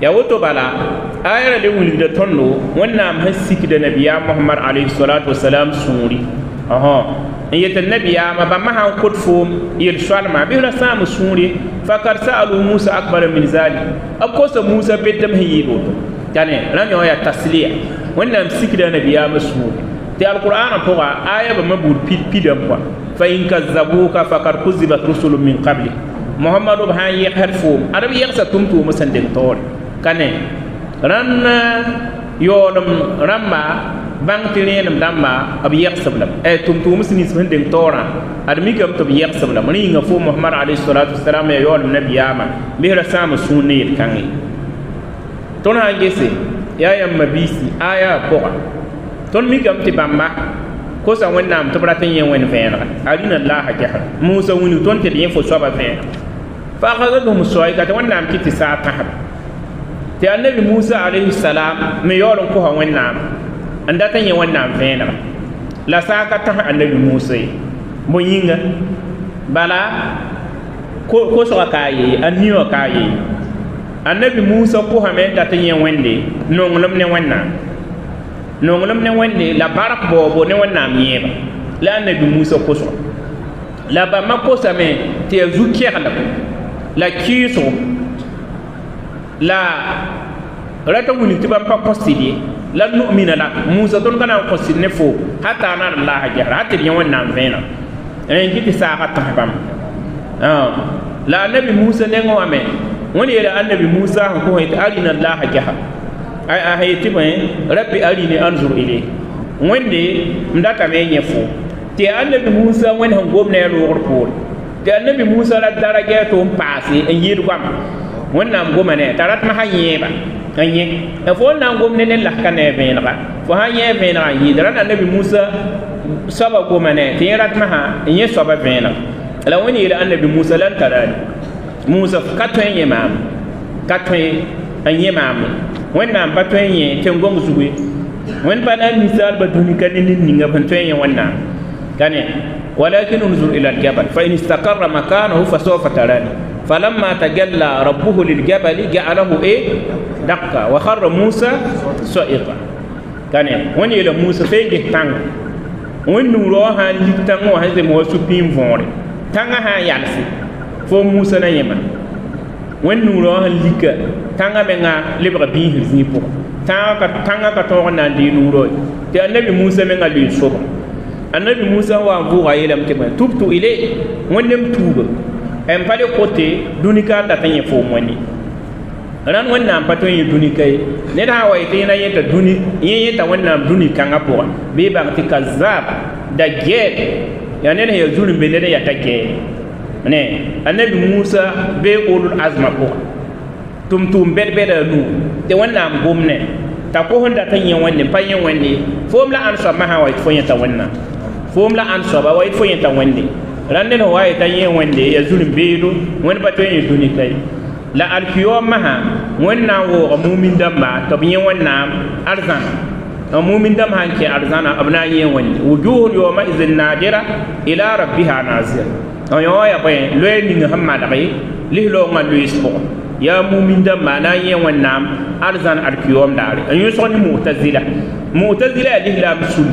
ya woto bala ayara le tonno wonna am hasiki de nabiya muhammad alayhi salatu wassalam sũuri ãhã n yet nabiyaama bãmba sã n kot foom yel soalma bɩ ra sãam sũure fakad sa'alu musa akbar min zali a kosa musa betame sẽn yɩɩd woto tane ran yõ ya tasliya wonna am de nabiya sikda nabiyaamã sũure tɩ alqur'anã pʋga aya ba bãmbã buud pid-pidã pʋa fa in kazabuka fakad kuzibat rusulu min qabli muhammadu ba sã n yɛgsd foom ad tumtu musandin tʋm kane ran eh, yoolem rãmba bãng tɩ rẽenem dãmba b yɛgsblem eh, tʋm-tʋʋm sẽn nins sẽn deng taoorã ad mikame tɩ b yɛgsblem rẽnga fo mohamad alayhi salatu wasalam yaa yaoolem nabiyaamã mesra sãam n sũur ne yel-kãngẽ tõnd sã n gese yaa yãmb mabiisi aaya a pʋga tõnd mikame tɩ bãmba kosa wẽnnaam yen b rat n yẽ wẽn vẽenega arina laaha gesra musa wilg tõnd tɩ d yẽ fo soaba vẽenega fa akadathum soɛka tɩ wẽnnaam kɩ tɩ saa tãsba tɩ annabi musa alayhi salam me yaool ko kosa wẽnnaam n dat n yẽ wẽnnaam la saka ta annabi musa ye bõe yĩnga bala kosga k'a ye a niwã k'a ye annabi musa ko da tan n yẽ wẽnde nonglem ne wẽnnaam nonglem ne wẽnde la bark baoobo ne wẽnnaam ba la annabi musa ko so la bãmba ma ko ya zu-kɛglem la kiso la rata wuni ti ban pa kostidi la nu mina la musa ton kana kostidi ne fo hata na la haja hatta ni wannan vena en kiti sa ka ta bam la nabi musa ne ngo ame wani yara annabi musa ko hayta arina la haja ay a hayti mai rabbi alini anzur ilay wende ndata me fo, te annabi musa wani hangom ne ro ko te annabi musa la daraja to mpasi en yidu kwam wẽnnaam goma ne t'a rat ma sã yẽeba a yẽ fo n na n gom ne ne laska ne a vẽenega fo sã yẽ vẽenega n yɩɩd na nabi musa soaba goma ne tɩ yẽ rat masã n yẽ soaba vẽenega la wẽnd yeel annabi musa la n tara ne musa ka tõe n yẽ maam ka tõe n yẽ maame wẽnnaam pa tõe n yẽ tɩ n gom zuge wẽnd pa na n ba dũni ka ne nin ninga b n tõe n yẽ wẽnnaam ka walakin unzur ila aljabal fa in istakarra makanahu fa sawfa tarani falamma tagalla rabbuhu liljabali ja'alahu e eh, dakka wa kharra musa sa'iqa kane woni la musa fege tang woni nuro ha liktan wa haze mo su pin vore tanga ha yalsi fo musa na yema wani nuro ha lika tanga menga libra bi hizni po tanga ka tanga ka to na di nuro te annabi musa menga li so annabi musa wa wani en pale kote dunika data ye fo moni ran wannan paton ye dunika ye ne da hawa ite na yeta duni ye yeta wannan duni kanga po be ba ti kazab da ge ya ne ya zuri be ne ya ta ge ne annabi musa be ulul azma po tum tum bed bed nu te wannan gomne ta ko honda tan ye wanne pa ye wanne fo mla an sa mahawa fo ye ta wannan fo mla an sa ba wa fo ye ta rande no waye tan yen wande ya e zulum beedu woni tan yen duni tay la alfiyo maha wani na wo mumin damba to won na arzan to mumin dam han ke arzana abna yen wani wujuhun yawma izin nadira ila rabbiha nazir to yo ya pe le ni hamma da kai lo ma loye isbu ya mumin ma na yen na arzan alkiyo dare an yi so ni mu'tazila mu'tazila lihla bisul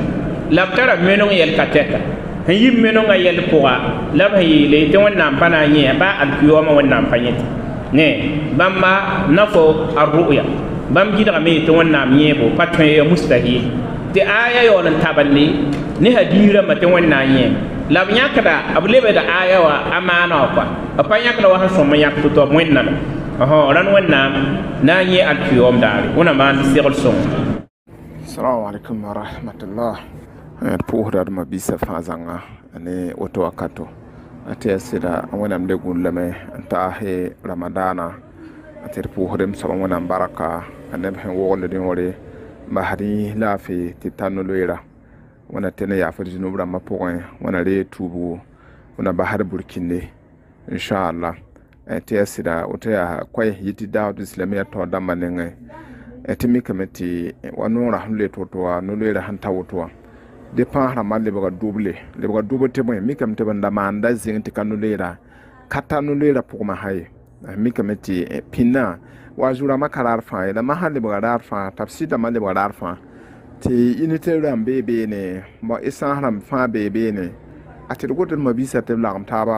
la kara menon yel kateta. n yib menonga yɛl pʋga la b sẽn yeele tɩ wẽnnaam pa na n yẽ ba alkiyoomã wẽnnaam pa na ne bãmba nafo arru'ya bãmb gɩdgame tɩ wẽnnaam yẽebo pa tõe ya mustahil tɩ aya yaool n tablle ne hadiis rãmbã tɩ wẽnnaam yẽ la b yãkda b lebd aya wa a maana wã pa b pa yãkda wa sẽn sõm yãk tɩ tɩ b wẽnnaam rãnd wẽnnaam na n yẽ alkiyoom daare wẽna maan tɩ segl sõngo salamu alaikum rahmatullah Eh, pʋʋsda d mabisa fãa zãnga ne woto wakato tɩ yaa sɩda wẽnnaam de gũn lame n taas ramadaana tɩ d pʋʋsdem soaba wẽnnaam barka neb sẽn wogend dẽ wãre basd yĩs laafɩ tɩ ta no-loeera wẽna tɩ ne yaafa zunub rãmbã pʋgẽ wẽna ree tuubgo wẽna basd burkinde inshaallah tɩ yaa sɩda woto yaa koɛ yɩ tɩ daawat islamia tao dãmbã nengẽ tɩ mikame tɩ wa noorã sẽn let woto wa no-loeera sẽn ta woto wã de paasra eh, eh, ma lebga doble lebga doble tɩ bõe mikame tɩ bõnda maanda zĩng tɩ ka nuleera ka ta nuleera pʋgma ha ye mikame tɩ pĩnã wa zu rãmbã ka raar fãa ye la masã lebga raar fãa t'a b sɩdãmbã lebga raar fãa tɩ unité rãmb bee beene y sãas fãa bee a tɩ d got d mabisa tɩ b lagem taaba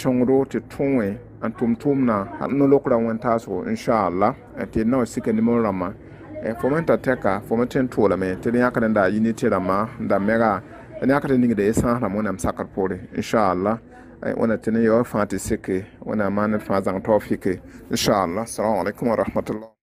sõngdo tɩ tõe n tʋm tʋʋmdã nolokra wẽn-taasgo inchallah tɩ d na wa sika nimr rãmbã fomenta eh, fo fomenten tola tɛka fo me tẽn toolame tɩ da yãkd n daa yɩ ne n da mɛga eh, d yãkd ningd y sãasrãm wẽnnaam sakr poore inchallah eh, wẽna tɩ ne yaoo fãa tɩ sɩke wẽnnaam maan d fãa zãng taofɩke inchallah salamu wa rahmatullah